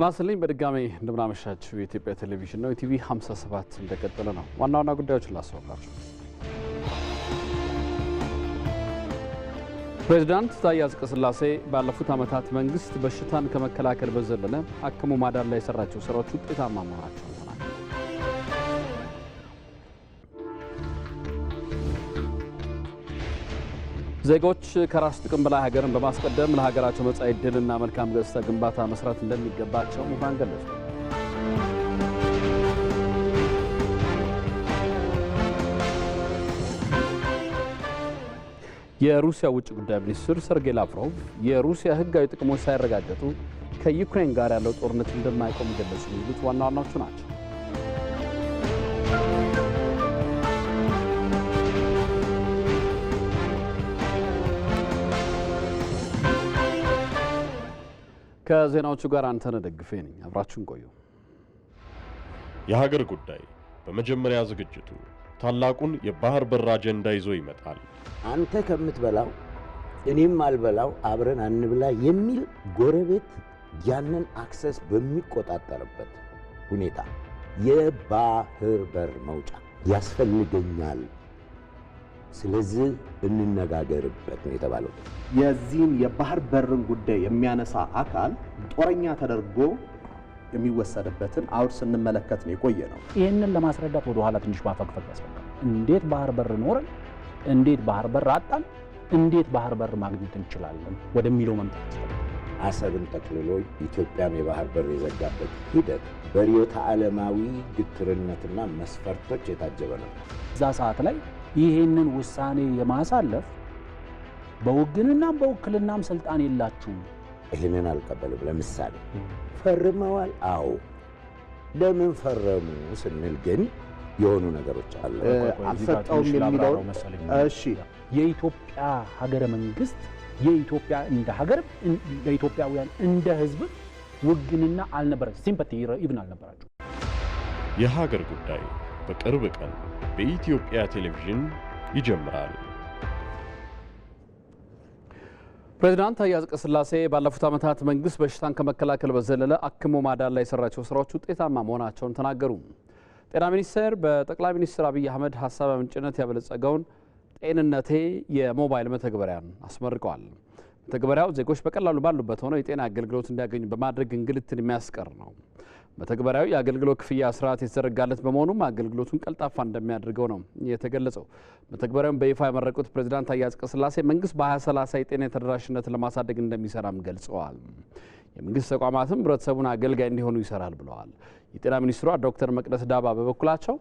ጤና ይስጥልኝ በድጋሚ እንደምናመሻችሁ። የኢትዮጵያ ቴሌቪዥን ነው። ኢቲቪ 57 እንደቀጠለ ነው። ዋና ዋና ጉዳዮችን ላስተዋውቃችሁ። ፕሬዚዳንት ታዬ አጽቀሥላሴ ባለፉት ዓመታት መንግስት በሽታን ከመከላከል በዘለለ አክሙ ማዳን ላይ የሰራቸው ስራዎች ውጤታማ መሆናቸው ዜጎች ከራስ ጥቅም በላይ ሀገርን በማስቀደም ለሀገራቸው መጻኢ ዕድልና መልካም ገጽታ ግንባታ መስራት እንደሚገባቸው ምሁራን ገለጹ። የሩሲያ ውጭ ጉዳይ ሚኒስትር ሰርጌይ ላቭሮቭ የሩሲያ ሕጋዊ ጥቅሞች ሳይረጋገጡ ከዩክሬን ጋር ያለው ጦርነት እንደማይቆም ገለጹ። የሚሉት ዋና ዋናዎቹ ናቸው። ከዜናዎቹ ጋር አንተነህ ደግፌ ነኝ። አብራችሁን ቆዩ። የሀገር ጉዳይ በመጀመሪያ ዝግጅቱ ታላቁን የባህር በር አጀንዳ ይዞ ይመጣል። አንተ ከምትበላው እኔም አልበላው አብረን አንብላ የሚል ጎረቤት ያንን አክሰስ በሚቆጣጠርበት ሁኔታ የባህር በር መውጫ ያስፈልገኛል ስለዚህ እንነጋገርበት ነው የተባለው። የዚህን የባህር በርን ጉዳይ የሚያነሳ አካል ጦረኛ ተደርጎ የሚወሰድበትን አውድ ስንመለከት ነው የቆየ ነው። ይህንን ለማስረዳት ወደ ኋላ ትንሽ ማፈግፈግ ያስፈልጋል። እንዴት ባህር በር ኖረን፣ እንዴት ባህር በር አጣን፣ እንዴት ባህር በር ማግኘት እንችላለን ወደሚለው መምጣት አሰብን ጠቅልሎ ኢትዮጵያን የባህር በር የዘጋበት ሂደት በርዕዮተ ዓለማዊ ግትርነትና መስፈርቶች የታጀበ ነው። እዛ ሰዓት ላይ ይህንን ውሳኔ የማሳለፍ በውግንናም በውክልናም ስልጣን የላችሁም። ይህንን አልቀበልም። ለምሳሌ ፈርመዋል። አዎ ለምን ፈረሙ ስንል ግን የሆኑ ነገሮች አሉ። አልሰጠውም የሚለውን እሺ፣ የኢትዮጵያ ሀገረ መንግስት የኢትዮጵያ እንደ ሀገር ለኢትዮጵያውያን እንደ ህዝብ ውግንና አልነበረ፣ ሲምፓቲ ኢቭን አልነበራቸው የሀገር ጉዳይ በቅርብ ቀን በኢትዮጵያ ቴሌቪዥን ይጀምራል። ፕሬዚዳንት ታዬ አጽቀሥላሴ ባለፉት ዓመታት መንግስት በሽታን ከመከላከል በዘለለ አክሞ ማዳን ላይ የሰራቸው ስራዎች ውጤታማ መሆናቸውን ተናገሩ። ጤና ሚኒስቴር በጠቅላይ ሚኒስትር አብይ አህመድ ሀሳብ ምንጭነት ያበለጸገውን ጤንነቴ የሞባይል መተግበሪያን አስመርቀዋል። መተግበሪያው ዜጎች በቀላሉ ባሉበት ሆነው የጤና አገልግሎት እንዲያገኙ በማድረግ እንግልትን የሚያስቀር ነው። በተግባራዊ የአገልግሎት ክፍያ ስርዓት የተዘረጋለት በመሆኑም አገልግሎቱን ቀልጣፋ እንደሚያደርገው ነው የተገለጸው። መተግበሪያውን በይፋ ያመረቁት ፕሬዚዳንት ታዬ አጽቀሥላሴ መንግስት በ2030 የጤና ተደራሽነትን ለማሳደግ እንደሚሰራም ገልጸዋል። የመንግስት ተቋማትም ህብረተሰቡን አገልጋይ እንዲሆኑ ይሰራል ብለዋል። የጤና ሚኒስትሯ ዶክተር መቅደስ ዳባ በበኩላቸው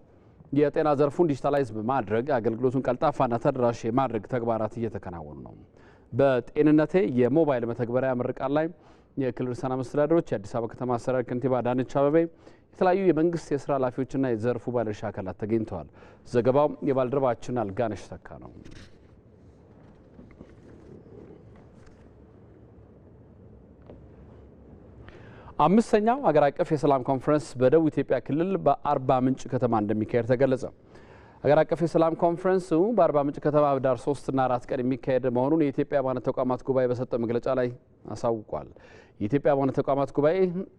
የጤና ዘርፉን ዲጂታላይዝ በማድረግ አገልግሎቱን ቀልጣፋና ተደራሽ የማድረግ ተግባራት እየተከናወኑ ነው። በጤንነቴ የሞባይል መተግበሪያ ምርቃት ላይ የክልል ርዕሳነ መስተዳድሮች፣ የአዲስ አበባ ከተማ አስተዳደር ከንቲባ አዳነች አበቤ የተለያዩ የመንግስት የስራ ኃላፊዎችና የዘርፉ ባለድርሻ አካላት ተገኝተዋል። ዘገባው የባልደረባችን አልጋነሽ ተካ ነው። አምስተኛው ሀገር አቀፍ የሰላም ኮንፈረንስ በደቡብ ኢትዮጵያ ክልል በአርባ ምንጭ ከተማ እንደሚካሄድ ተገለጸ። ሀገር አቀፍ የሰላም ኮንፈረንሱ በአርባ ምንጭ ከተማ ህዳር ሶስትና አራት ቀን የሚካሄድ መሆኑን የኢትዮጵያ ሃይማኖት ተቋማት ጉባኤ በሰጠው መግለጫ ላይ አሳውቋል። የኢትዮጵያ ሃይማኖት ተቋማት ጉባኤ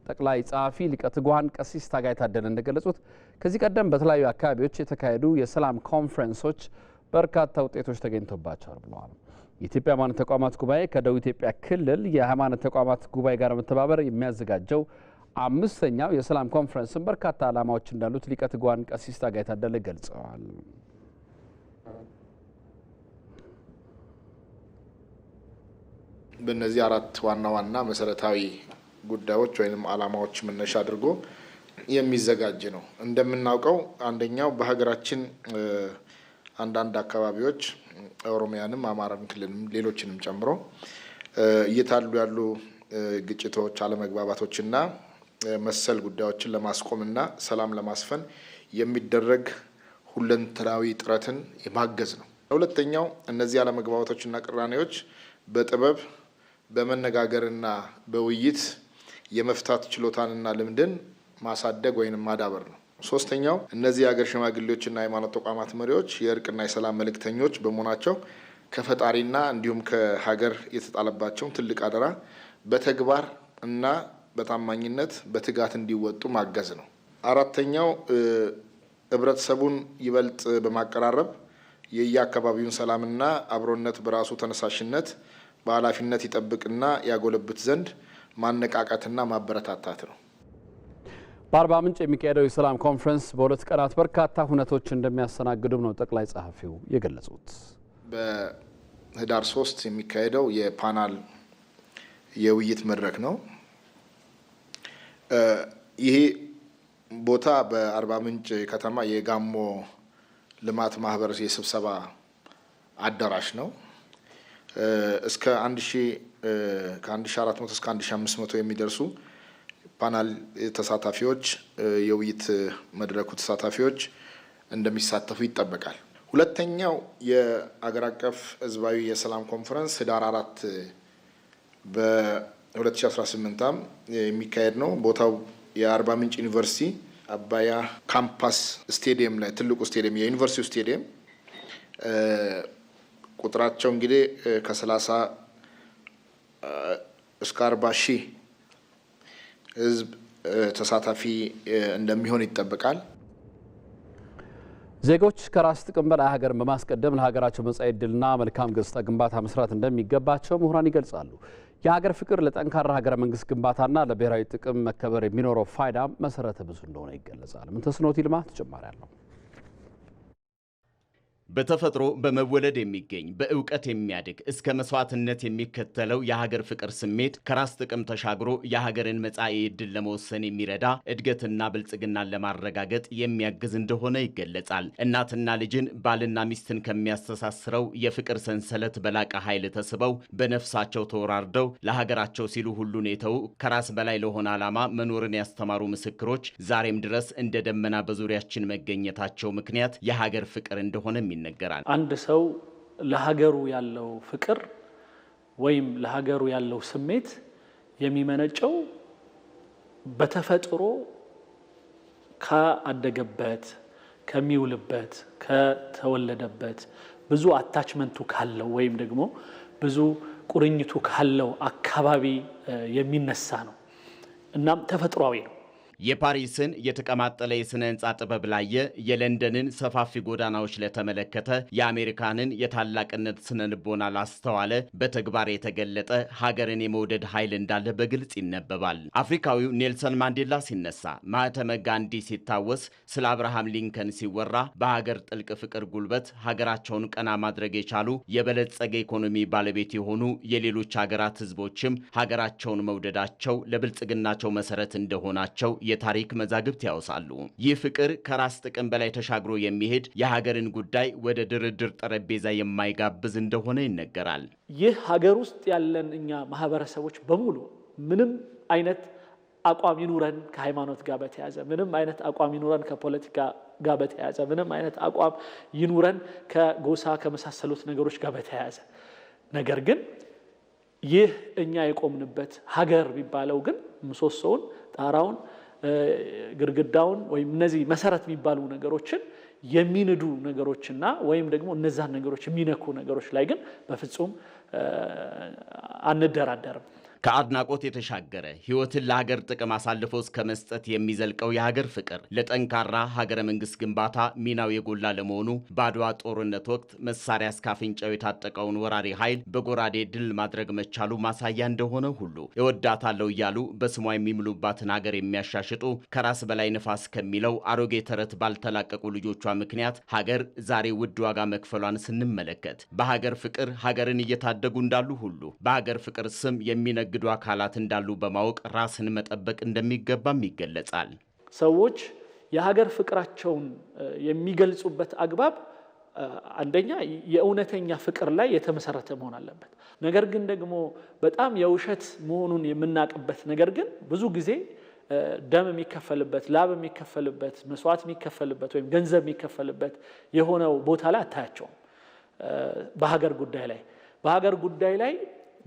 ጠቅላይ ጸሐፊ ሊቀ ትጉሃን ቀሲስ ታጋይ ታደለ እንደገለጹት ከዚህ ቀደም በተለያዩ አካባቢዎች የተካሄዱ የሰላም ኮንፈረንሶች በርካታ ውጤቶች ተገኝቶባቸዋል ብለዋል። የኢትዮጵያ ሃይማኖት ተቋማት ጉባኤ ከደቡብ ኢትዮጵያ ክልል የሃይማኖት ተቋማት ጉባኤ ጋር በመተባበር የሚያዘጋጀው አምስተኛው የሰላም ኮንፈረንስን በርካታ ዓላማዎች እንዳሉት ሊቀ ትጉሃን ቀሲስ ታጋይ ታደለ ገልጸዋል። በእነዚህ አራት ዋና ዋና መሰረታዊ ጉዳዮች ወይም ዓላማዎች መነሻ አድርጎ የሚዘጋጅ ነው። እንደምናውቀው አንደኛው በሀገራችን አንዳንድ አካባቢዎች ኦሮሚያንም፣ አማራን ክልልም ሌሎችንም ጨምሮ እየታሉ ያሉ ግጭቶች፣ አለመግባባቶችና መሰል ጉዳዮችን ለማስቆምና ሰላም ለማስፈን የሚደረግ ሁለንተናዊ ጥረትን የማገዝ ነው። ሁለተኛው እነዚህ አለመግባባቶችና ቅራኔዎች በጥበብ በመነጋገርና በውይይት የመፍታት ችሎታንና ልምድን ማሳደግ ወይም ማዳበር ነው። ሶስተኛው እነዚህ የሀገር ሽማግሌዎችና የሃይማኖት ተቋማት መሪዎች የእርቅና የሰላም መልእክተኞች በመሆናቸው ከፈጣሪና እንዲሁም ከሀገር የተጣለባቸውን ትልቅ አደራ በተግባር እና በታማኝነት በትጋት እንዲወጡ ማገዝ ነው። አራተኛው ህብረተሰቡን ይበልጥ በማቀራረብ የየአካባቢውን ሰላምና አብሮነት በራሱ ተነሳሽነት በኃላፊነት ይጠብቅና ያጎለብት ዘንድ ማነቃቃትና ማበረታታት ነው። በአርባ ምንጭ የሚካሄደው የሰላም ኮንፈረንስ በሁለት ቀናት በርካታ ሁነቶች እንደሚያስተናግዱም ነው ጠቅላይ ጸሐፊው የገለጹት። በህዳር ሶስት የሚካሄደው የፓናል የውይይት መድረክ ነው። ይሄ ቦታ በአርባ ምንጭ ከተማ የጋሞ ልማት ማህበር የስብሰባ አዳራሽ ነው። እስከ አንድ ሺ ከአንድ ሺ አራት መቶ እስከ አንድ ሺ አምስት መቶ የሚደርሱ ፓናል ተሳታፊዎች፣ የውይይት መድረኩ ተሳታፊዎች እንደሚሳተፉ ይጠበቃል። ሁለተኛው የአገር አቀፍ ህዝባዊ የሰላም ኮንፈረንስ ህዳር አራት 2018 ዓ.ም የሚካሄድ ነው። ቦታው የአርባ ምንጭ ዩኒቨርሲቲ አባያ ካምፓስ ስቴዲየም ላይ ትልቁ ስቴዲየም የዩኒቨርሲቲው ስቴዲየም ቁጥራቸው እንግዲህ ከ30 እስከ 40 ሺህ ህዝብ ተሳታፊ እንደሚሆን ይጠበቃል። ዜጎች ከራስ ጥቅም በላይ ሀገርን በማስቀደም ለሀገራቸው መጻኢ ዕድልና መልካም ገጽታ ግንባታ መስራት እንደሚገባቸው ምሁራን ይገልጻሉ። የሀገር ፍቅር ለጠንካራ ሀገረ መንግስት ግንባታና ለብሔራዊ ጥቅም መከበር የሚኖረው ፋይዳ መሰረተ ብዙ እንደሆነ ይገለጻል። ምንተስኖት ይልማ ተጨማሪ አለው። በተፈጥሮ በመወለድ የሚገኝ በእውቀት የሚያድግ እስከ መስዋዕትነት የሚከተለው የሀገር ፍቅር ስሜት ከራስ ጥቅም ተሻግሮ የሀገርን መጻኢ ዕድል ለመወሰን የሚረዳ እድገትና ብልጽግናን ለማረጋገጥ የሚያግዝ እንደሆነ ይገለጻል። እናትና ልጅን ባልና ሚስትን ከሚያስተሳስረው የፍቅር ሰንሰለት በላቀ ኃይል ተስበው በነፍሳቸው ተወራርደው ለሀገራቸው ሲሉ ሁሉን የተው ከራስ በላይ ለሆነ ዓላማ መኖርን ያስተማሩ ምስክሮች ዛሬም ድረስ እንደ ደመና በዙሪያችን መገኘታቸው ምክንያት የሀገር ፍቅር እንደሆነ ይነገራል። አንድ ሰው ለሀገሩ ያለው ፍቅር ወይም ለሀገሩ ያለው ስሜት የሚመነጨው በተፈጥሮ ካደገበት፣ ከሚውልበት፣ ከተወለደበት ብዙ አታችመንቱ ካለው ወይም ደግሞ ብዙ ቁርኝቱ ካለው አካባቢ የሚነሳ ነው። እናም ተፈጥሯዊ ነው። የፓሪስን የተቀማጠለ የሥነ ሕንፃ ጥበብ ላየ፣ የለንደንን ሰፋፊ ጎዳናዎች ለተመለከተ፣ የአሜሪካንን የታላቅነት ስነ ልቦና ላስተዋለ በተግባር የተገለጠ ሀገርን የመውደድ ኃይል እንዳለ በግልጽ ይነበባል። አፍሪካዊው ኔልሰን ማንዴላ ሲነሳ፣ ማዕተመጋ ጋንዲ ሲታወስ፣ ስለ አብርሃም ሊንከን ሲወራ በሀገር ጥልቅ ፍቅር ጉልበት ሀገራቸውን ቀና ማድረግ የቻሉ የበለጸገ ኢኮኖሚ ባለቤት የሆኑ የሌሎች ሀገራት ህዝቦችም ሀገራቸውን መውደዳቸው ለብልጽግናቸው መሰረት እንደሆናቸው የታሪክ መዛግብት ያወሳሉ። ይህ ፍቅር ከራስ ጥቅም በላይ ተሻግሮ የሚሄድ የሀገርን ጉዳይ ወደ ድርድር ጠረጴዛ የማይጋብዝ እንደሆነ ይነገራል። ይህ ሀገር ውስጥ ያለን እኛ ማህበረሰቦች በሙሉ ምንም አይነት አቋም ይኑረን ከሃይማኖት ጋር በተያዘ ምንም አይነት አቋም ይኑረን ከፖለቲካ ጋር በተያዘ ምንም አይነት አቋም ይኑረን ከጎሳ ከመሳሰሉት ነገሮች ጋር በተያያዘ ነገር ግን ይህ እኛ የቆምንበት ሀገር የሚባለው ግን ምሰሶውን ጣራውን ግድግዳውን ወይም እነዚህ መሰረት የሚባሉ ነገሮችን የሚንዱ ነገሮችና ወይም ደግሞ እነዛን ነገሮች የሚነኩ ነገሮች ላይ ግን በፍጹም አንደራደርም። ከአድናቆት የተሻገረ ሕይወትን ለሀገር ጥቅም አሳልፎ እስከ መስጠት የሚዘልቀው የሀገር ፍቅር ለጠንካራ ሀገረ መንግስት ግንባታ ሚናው የጎላ ለመሆኑ በአድዋ ጦርነት ወቅት መሳሪያ እስከ አፍንጫው የታጠቀውን ወራሪ ኃይል በጎራዴ ድል ማድረግ መቻሉ ማሳያ እንደሆነ ሁሉ እወዳታለሁ እያሉ በስሟ የሚምሉባትን ሀገር የሚያሻሽጡ ከራስ በላይ ንፋስ ከሚለው አሮጌ ተረት ባልተላቀቁ ልጆቿ ምክንያት ሀገር ዛሬ ውድ ዋጋ መክፈሏን ስንመለከት በሀገር ፍቅር ሀገርን እየታደጉ እንዳሉ ሁሉ በሀገር ፍቅር ስም የሚነ የሚያግዱ አካላት እንዳሉ በማወቅ ራስን መጠበቅ እንደሚገባም ይገለጻል። ሰዎች የሀገር ፍቅራቸውን የሚገልጹበት አግባብ አንደኛ የእውነተኛ ፍቅር ላይ የተመሰረተ መሆን አለበት። ነገር ግን ደግሞ በጣም የውሸት መሆኑን የምናውቅበት ነገር ግን ብዙ ጊዜ ደም የሚከፈልበት ላብ የሚከፈልበት መስዋዕት የሚከፈልበት ወይም ገንዘብ የሚከፈልበት የሆነው ቦታ ላይ አታያቸውም። በሀገር ጉዳይ ላይ በሀገር ጉዳይ ላይ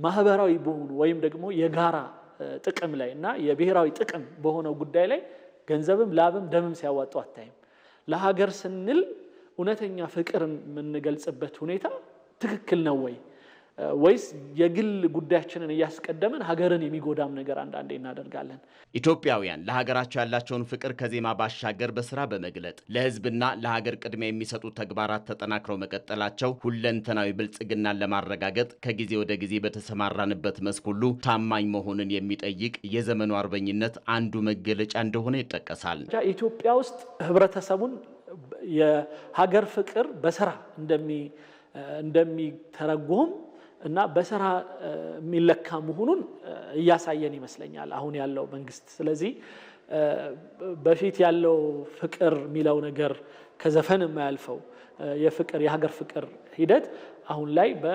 ማህበራዊ በሆኑ ወይም ደግሞ የጋራ ጥቅም ላይ እና የብሔራዊ ጥቅም በሆነው ጉዳይ ላይ ገንዘብም ላብም ደምም ሲያዋጡ አታይም። ለሀገር ስንል እውነተኛ ፍቅር የምንገልጽበት ሁኔታ ትክክል ነው ወይ? ወይስ የግል ጉዳያችንን እያስቀደምን ሀገርን የሚጎዳም ነገር አንዳንዴ እናደርጋለን። ኢትዮጵያውያን ለሀገራቸው ያላቸውን ፍቅር ከዜማ ባሻገር በስራ በመግለጥ ለሕዝብና ለሀገር ቅድሚያ የሚሰጡ ተግባራት ተጠናክረው መቀጠላቸው ሁለንተናዊ ብልጽግናን ለማረጋገጥ ከጊዜ ወደ ጊዜ በተሰማራንበት መስክ ሁሉ ታማኝ መሆንን የሚጠይቅ የዘመኑ አርበኝነት አንዱ መገለጫ እንደሆነ ይጠቀሳል። ኢትዮጵያ ውስጥ ህብረተሰቡን የሀገር ፍቅር በስራ እንደሚተረጎም እና በስራ የሚለካ መሆኑን እያሳየን ይመስለኛል አሁን ያለው መንግስት። ስለዚህ በፊት ያለው ፍቅር የሚለው ነገር ከዘፈን የማያልፈው የፍቅር የሀገር ፍቅር ሂደት አሁን ላይ በ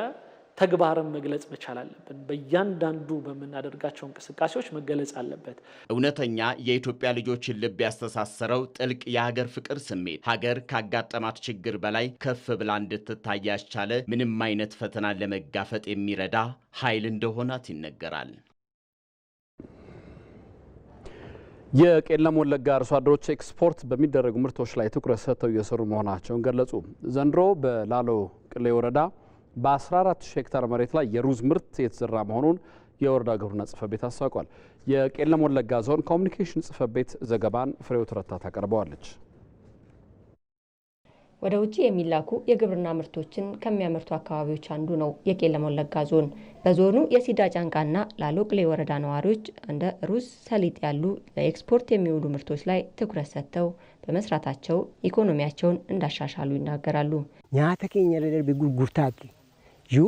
ተግባርን መግለጽ መቻል አለብን። በእያንዳንዱ በምናደርጋቸው እንቅስቃሴዎች መገለጽ አለበት። እውነተኛ የኢትዮጵያ ልጆችን ልብ ያስተሳሰረው ጥልቅ የሀገር ፍቅር ስሜት ሀገር ካጋጠማት ችግር በላይ ከፍ ብላ እንድትታይ ያስቻለ ምንም አይነት ፈተና ለመጋፈጥ የሚረዳ ኃይል እንደሆናት ይነገራል። የቄለም ወለጋ አርሶ አደሮች ኤክስፖርት በሚደረጉ ምርቶች ላይ ትኩረት ሰጥተው እየሰሩ መሆናቸውን ገለጹ። ዘንድሮ በላሎ ቅሌ ወረዳ በ 14 ሄክታር መሬት ላይ የሩዝ ምርት የተዘራ መሆኑን የወረዳ ግብርና ጽፈ ቤት አስታውቋል። የቄለም ወለጋ ዞን ኮሚኒኬሽን ጽሕፈት ቤት ዘገባን ፍሬው ትረታ ታቀርበዋለች። ወደ ውጭ የሚላኩ የግብርና ምርቶችን ከሚያመርቱ አካባቢዎች አንዱ ነው የቄለም ወለጋ ዞን። በዞኑ የሲዳ ጫንቃና ላሎ ቅሌ ወረዳ ነዋሪዎች እንደ ሩዝ፣ ሰሊጥ ያሉ ለኤክስፖርት የሚውሉ ምርቶች ላይ ትኩረት ሰጥተው በመስራታቸው ኢኮኖሚያቸውን እንዳሻሻሉ ይናገራሉ። ኛተኬኛ ደደር ጉርጉርታኪ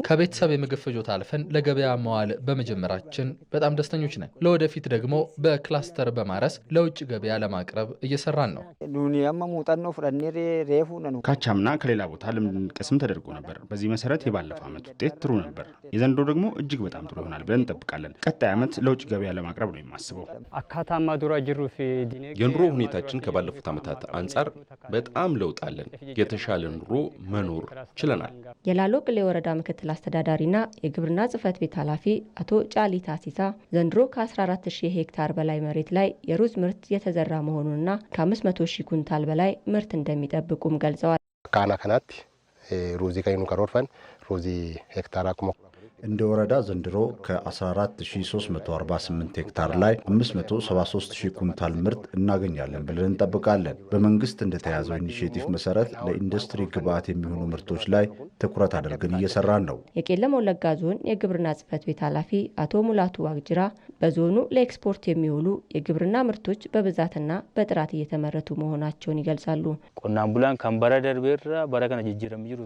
ከቤተሰብ የምግብ ፍጆታ አልፈን ለገበያ መዋል በመጀመራችን በጣም ደስተኞች ነን። ለወደፊት ደግሞ በክላስተር በማረስ ለውጭ ገበያ ለማቅረብ እየሰራን ነው። ካቻምና ከሌላ ቦታ ልምድ እንድንቀስም ተደርጎ ነበር። በዚህ መሰረት የባለፈው ዓመት ውጤት ጥሩ ነበር። የዘንድሮ ደግሞ እጅግ በጣም ጥሩ ይሆናል ብለን እንጠብቃለን። ቀጣይ ዓመት ለውጭ ገበያ ለማቅረብ ነው የማስበው። የኑሮ ሁኔታችን ከባለፉት ዓመታት አንጻር በጣም ለውጥ አለን። የተሻለ ኑሮ መኖር ችለናል። የላሎ ቅሌ ወረዳ ምክትል አስተዳዳሪና የግብርና ጽህፈት ቤት ኃላፊ አቶ ጫሊ ታሲሳ ዘንድሮ ከ14000 ሄክታር በላይ መሬት ላይ የሩዝ ምርት የተዘራ መሆኑንና ከ500000 ኩንታል በላይ ምርት እንደሚጠብቁም ገልጸዋል። ካና ከናት ሩዚ ከይኑ ከሮርፈን ሩዚ ሄክታር አቁመ እንደ ወረዳ ዘንድሮ ከ14348 ሄክታር ላይ 573000 ኩንታል ምርት እናገኛለን ብለን እንጠብቃለን። በመንግስት እንደተያዘው ኢኒሽቲቭ መሰረት ለኢንዱስትሪ ግብዓት የሚሆኑ ምርቶች ላይ ትኩረት አድርገን እየሰራን ነው። የቄለም ወለጋ ዞን የግብርና ጽህፈት ቤት ኃላፊ አቶ ሙላቱ ዋግጅራ በዞኑ ለኤክስፖርት የሚውሉ የግብርና ምርቶች በብዛትና በጥራት እየተመረቱ መሆናቸውን ይገልጻሉ።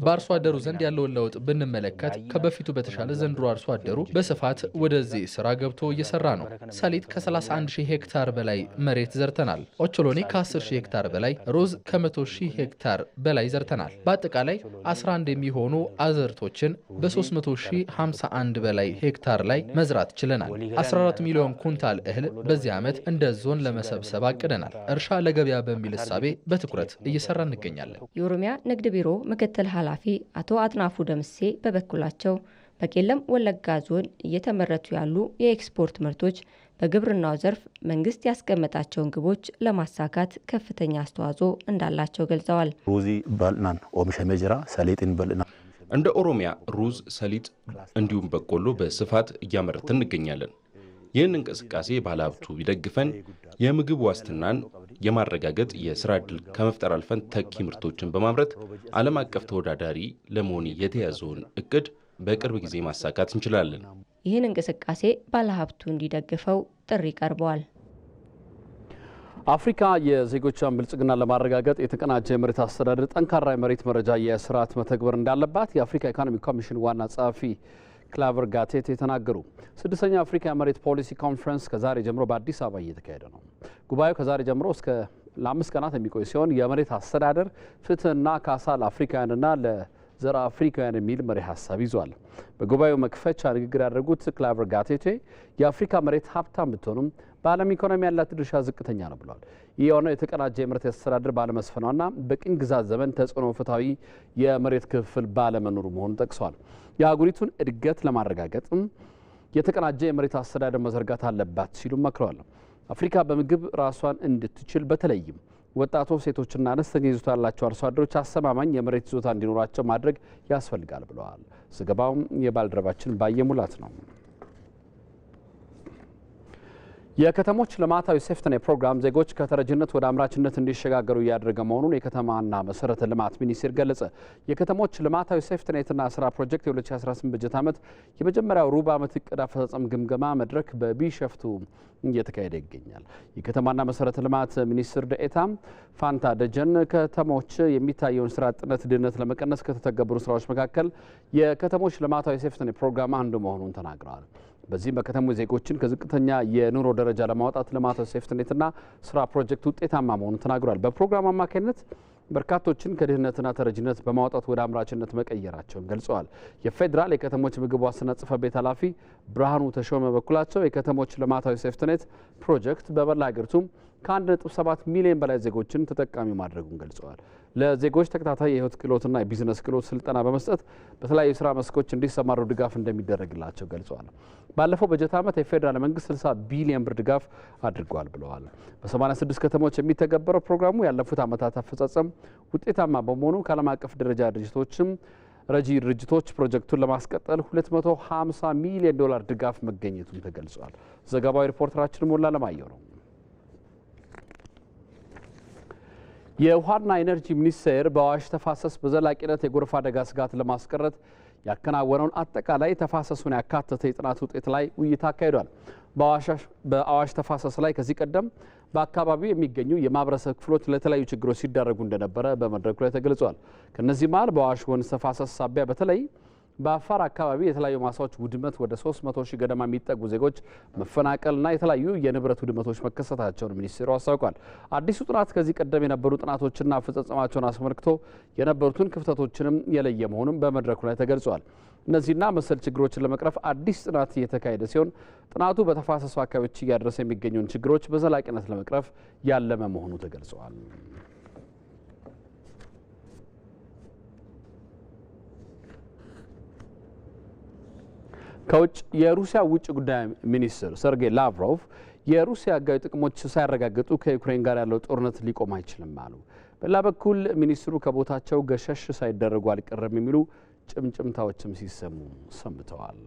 በአርሶ አደሩ ዘንድ ያለውን ለውጥ ብንመለከት ከበፊቱ በተሻለ የዘንድሮ አርሶ አደሩ በስፋት ወደዚህ ስራ ገብቶ እየሰራ ነው። ሰሊጥ ከ31 ሺህ ሄክታር በላይ መሬት ዘርተናል። ኦቾሎኒ ከ10 ሺህ ሄክታር በላይ፣ ሩዝ ከ100 ሺህ ሄክታር በላይ ዘርተናል። በአጠቃላይ 11 የሚሆኑ አዝርቶችን በ351 በላይ ሄክታር ላይ መዝራት ችለናል። 14 ሚሊዮን ኩንታል እህል በዚህ ዓመት እንደ ዞን ለመሰብሰብ አቅደናል። እርሻ ለገበያ በሚል እሳቤ በትኩረት እየሰራ እንገኛለን። የኦሮሚያ ንግድ ቢሮ ምክትል ኃላፊ አቶ አጥናፉ ደምሴ በበኩላቸው በቄለም ወለጋ ዞን እየተመረቱ ያሉ የኤክስፖርት ምርቶች በግብርናው ዘርፍ መንግስት ያስቀመጣቸውን ግቦች ለማሳካት ከፍተኛ አስተዋጽኦ እንዳላቸው ገልጸዋል። ሩዚ በልናን ኦምሸ መጅራ ሰሊጥን በልና እንደ ኦሮሚያ ሩዝ፣ ሰሊጥ እንዲሁም በቆሎ በስፋት እያመረትን እንገኛለን። ይህን እንቅስቃሴ ባለሀብቱ ቢደግፈን የምግብ ዋስትናን የማረጋገጥ የስራ ዕድል ከመፍጠር አልፈን ተኪ ምርቶችን በማምረት ዓለም አቀፍ ተወዳዳሪ ለመሆን የተያዘውን እቅድ በቅርብ ጊዜ ማሳካት እንችላለን። ይህን እንቅስቃሴ ባለሀብቱ እንዲደግፈው ጥሪ ቀርበዋል። አፍሪካ የዜጎቿን ብልጽግና ለማረጋገጥ የተቀናጀ የመሬት አስተዳደር፣ ጠንካራ የመሬት መረጃ የስርዓት መተግበር እንዳለባት የአፍሪካ ኢኮኖሚ ኮሚሽን ዋና ጸሐፊ ክላቨር ጋቴት የተናገሩ። ስድስተኛው የአፍሪካ የመሬት ፖሊሲ ኮንፈረንስ ከዛሬ ጀምሮ በአዲስ አበባ እየተካሄደ ነው። ጉባኤው ከዛሬ ጀምሮ እስከ ለአምስት ቀናት የሚቆይ ሲሆን የመሬት አስተዳደር፣ ፍትህና ካሳ ለአፍሪካውያንና ለ ዘር አፍሪካውያን የሚል መሪ ሀሳብ ይዟል። በጉባኤው መክፈቻ ንግግር ያደረጉት ክላቨር ጋቴቴ የአፍሪካ መሬት ሀብታም ብትሆኑም በዓለም ኢኮኖሚ ያላት ድርሻ ዝቅተኛ ነው ብሏል። ይህ የሆነው የተቀናጀ የመሬት አስተዳደር ባለመስፈኗና በቅኝ ግዛት ዘመን ተጽዕኖ ፍትሐዊ የመሬት ክፍል ባለመኖሩ መሆኑን ጠቅሷል። የአህጉሪቱን እድገት ለማረጋገጥም የተቀናጀ የመሬት አስተዳደር መዘርጋት አለባት ሲሉም መክረዋል። አፍሪካ በምግብ ራሷን እንድትችል በተለይም ወጣቶች ሴቶችና አነስተኛ ይዞታ ያላቸው አርሶ አደሮች አስተማማኝ የመሬት ይዞታ እንዲኖራቸው ማድረግ ያስፈልጋል ብለዋል። ዘገባውም የባልደረባችን ባየሙላት ነው። የከተሞች ልማታዊ ሴፍትኔት ፕሮግራም ዜጎች ከተረጅነት ወደ አምራችነት እንዲሸጋገሩ እያደረገ መሆኑን የከተማና መሰረተ ልማት ሚኒስቴር ገለጸ። የከተሞች ልማታዊ ሴፍትኔትና ስራ ፕሮጀክት የ2018 በጀት ዓመት የመጀመሪያው ሩብ ዓመት እቅድ አፈጻጸም ግምገማ መድረክ በቢሸፍቱ እየተካሄደ ይገኛል። የከተማና መሰረተ ልማት ሚኒስትር ደኤታ ፋንታ ደጀን ከተሞች የሚታየውን ስራ አጥነት ድህነት ለመቀነስ ከተተገበሩ ስራዎች መካከል የከተሞች ልማታዊ ሴፍትኔት ፕሮግራም አንዱ መሆኑን ተናግረዋል። በዚህም በከተሞች ዜጎችን ከዝቅተኛ የኑሮ ደረጃ ለማውጣት ልማታዊ ሴፍትኔትና ስራ ፕሮጀክት ውጤታማ መሆኑን ተናግሯል። በፕሮግራም አማካኝነት በርካቶችን ከድህነትና ተረጅነት በማውጣት ወደ አምራችነት መቀየራቸውን ገልጸዋል። የፌዴራል የከተሞች ምግብ ዋስትና ጽሕፈት ቤት ኃላፊ ብርሃኑ ተሾመ በኩላቸው የከተሞች ልማታዊ ሴፍትኔት ፕሮጀክት በመላ ሀገሪቱም ከ1.7 ሚሊዮን በላይ ዜጎችን ተጠቃሚ ማድረጉን ገልጸዋል። ለዜጎች ተከታታይ የህይወት ክህሎትና የቢዝነስ ክህሎት ስልጠና በመስጠት በተለያዩ ስራ መስኮች እንዲሰማሩ ድጋፍ እንደሚደረግላቸው ገልጸዋል። ባለፈው በጀት ዓመት የፌዴራል መንግስት 60 ቢሊዮን ብር ድጋፍ አድርጓል ብለዋል። በ86 ከተሞች የሚተገበረው ፕሮግራሙ ያለፉት ዓመታት አፈጻጸም ውጤታማ በመሆኑ ከዓለም አቀፍ ደረጃ ድርጅቶችም ረጂ ድርጅቶች ፕሮጀክቱን ለማስቀጠል 250 ሚሊዮን ዶላር ድጋፍ መገኘቱን ተገልጿል። ዘገባዊ ሪፖርተራችን ሞላ ለማየው ነው። የውሃና ኢነርጂ ሚኒስቴር በአዋሽ ተፋሰስ በዘላቂነት የጎርፍ አደጋ ስጋት ለማስቀረት ያከናወነውን አጠቃላይ ተፋሰሱን ያካተተ የጥናት ውጤት ላይ ውይይት አካሂዷል። በአዋሽ ተፋሰስ ላይ ከዚህ ቀደም በአካባቢው የሚገኙ የማህበረሰብ ክፍሎች ለተለያዩ ችግሮች ሲዳረጉ እንደነበረ በመድረኩ ላይ ተገልጿል። ከእነዚህ መሀል በአዋሽ ወንዝ ተፋሰስ ሳቢያ በተለይ በአፋር አካባቢ የተለያዩ ማሳዎች ውድመት ወደ 300 ሺህ ገደማ የሚጠጉ ዜጎች መፈናቀልና የተለያዩ የንብረት ውድመቶች መከሰታቸውን ሚኒስቴሩ አስታውቋል። አዲሱ ጥናት ከዚህ ቀደም የነበሩ ጥናቶችና አፈጻጸማቸውን አስመልክቶ የነበሩትን ክፍተቶችንም የለየ መሆኑን በመድረኩ ላይ ተገልጿል። እነዚህና መሰል ችግሮችን ለመቅረፍ አዲስ ጥናት እየተካሄደ ሲሆን ጥናቱ በተፋሰሱ አካባቢዎች እያደረሰ የሚገኘውን ችግሮች በዘላቂነት ለመቅረፍ ያለመ መሆኑ ተገልጸዋል። ከውጭ የሩሲያ ውጭ ጉዳይ ሚኒስትር ሰርጌይ ላቭሮቭ የሩሲያ ሕጋዊ ጥቅሞች ሳያረጋግጡ ከዩክሬን ጋር ያለው ጦርነት ሊቆም አይችልም አሉ። በሌላ በኩል ሚኒስትሩ ከቦታቸው ገሸሽ ሳይደረጉ አልቀረም የሚሉ ጭምጭምታዎችም ሲሰሙ ሰምተዋል።